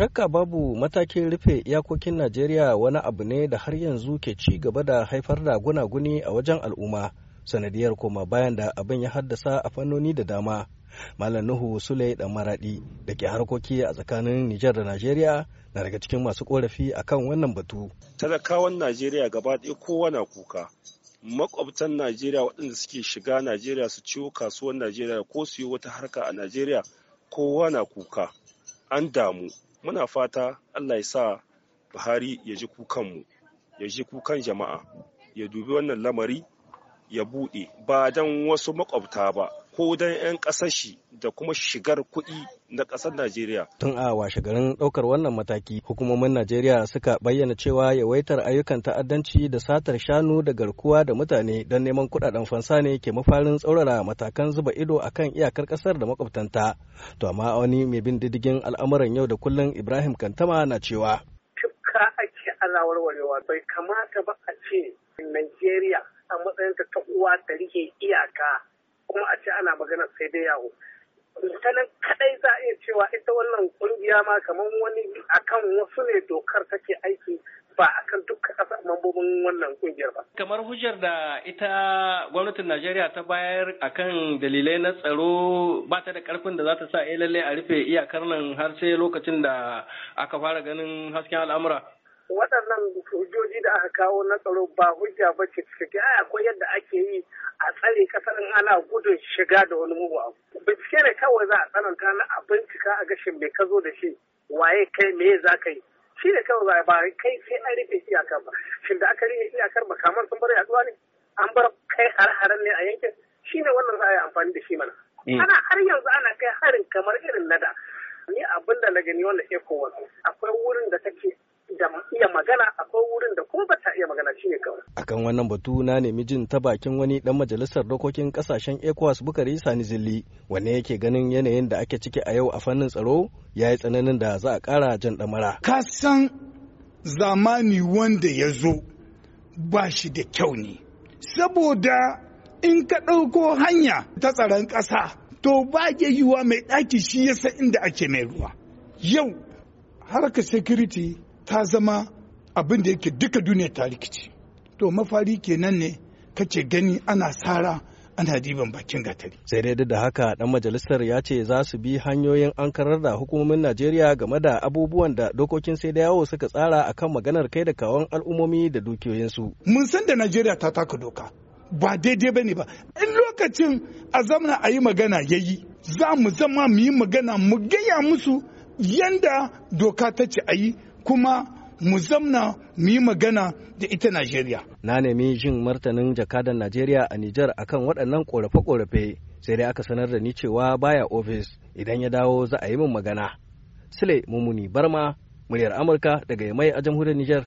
shakka babu matakin rufe iyakokin najeriya wani abu ne da har yanzu ke ci gaba da haifar da gunaguni a wajen al'umma sanadiyar koma bayan da abin ya haddasa a fannoni da dama malam nuhu sule dan maradi da ke harkoki a tsakanin nijar da najeriya na daga cikin masu korafi akan wannan batu talakawan najeriya gaba ɗaya kowa na kuka makwabtan najeriya waɗanda suke shiga najeriya su ciwo kasuwar najeriya ko su yi wata harka a najeriya kowa na kuka an damu muna fata allah ya sa buhari ya ji kukanmu ya ji kukan jama'a ya dubi wannan lamari ya buɗe ba don wasu makwabta ba ko dan 'yan ƙasar shi da kuma shigar kuɗi na ƙasar Najeriya. Tun a washe garin ɗaukar wannan mataki, hukumomin Najeriya suka bayyana cewa yawaitar ayyukan ta'addanci da satar shanu da garkuwa da mutane don neman kuɗaɗen fansa ne ke mafarin tsaurara matakan zuba ido a kan iyakar ƙasar da makwabtanta. To amma wani mai bin diddigin al'amuran yau da kullum Ibrahim Kantama na cewa. tukka ake alawar warwarewa bai kamata ba a ce Najeriya a matsayinta ta uwa ta rike iyaka kuma a ce ana magana sai dai yawo tanan kadai za a iya cewa ita wannan kungiya ma kamar wani akan wasu ne dokar take aiki ba akan duk kasar mambobin wannan kungiyar ba. Kamar hujjar da ita gwamnatin Najeriya ta bayar akan dalilai na tsaro ba ta da karfin da za ta sa eh, lallai a rufe iyakar nan har sai lokacin da aka fara ganin hasken al'amura. waɗannan hujjoji da aka kawo na tsaro ba hujja ba ce cikakke ai akwai yadda ake yi a tsare kasar in ana gudun shiga da wani mugu abu bincike ne kawai za a tsananta na a bincika a gashin mai ka zo da shi waye kai me za ka yi shi ne kawai za a ba kai sai an rufe iyakar ba shin da aka rufe iyakar ba kamar sun bar yaduwa ne an bar kai har-haren ne a yankin shi ne wannan za a yi amfani da shi mana mm. ana har yanzu ana kai harin kamar irin na da ni abin da na gani wanda ke kowace akwai wurin da take iya magana ne kawai akan wannan batu na nemi jin ta bakin wani dan majalisar dokokin kasashen ECOWAS Bukari Sani Zilli wanne yake ganin yanayin da ake ciki a yau a fannin tsaro ya yi tsananin da za a kara jan damara ka san zamani wanda ya zo ba shi da kyau ne saboda in ka ɗauko hanya ta tsaron ƙasa to ba ya yiwa mai ɗaki shi ya san inda ake mai ruwa yau harkar security ta zama abin da yake duka duniya ta rikici to mafari kenan ne kace gani ana sara ana diban bakin gatari. Sai dai da haka dan majalisar ya ce za su bi hanyoyin an karar da hukumomin Najeriya game da abubuwan da dokokin sai da yawo suka tsara akan maganar kai da kawon al'ummomi da dukiyoyinsu. Mun san da Najeriya ta taka doka ba daidai bane ba. In lokacin a zamana a yi magana yayi yi za mu zama mu yi magana mu gaya musu yanda doka ta ce a kuma mu zamna mu yi magana da ita Najeriya. Na nemi jin martanin jakadan Najeriya a Nijar akan waɗannan ƙorafe-ƙorafe sai dai aka sanar da ni cewa baya ofis idan ya dawo za a yi min magana. Sule Mumuni Barma, muryar Amurka daga Yamai a jamhuriyar Nijar.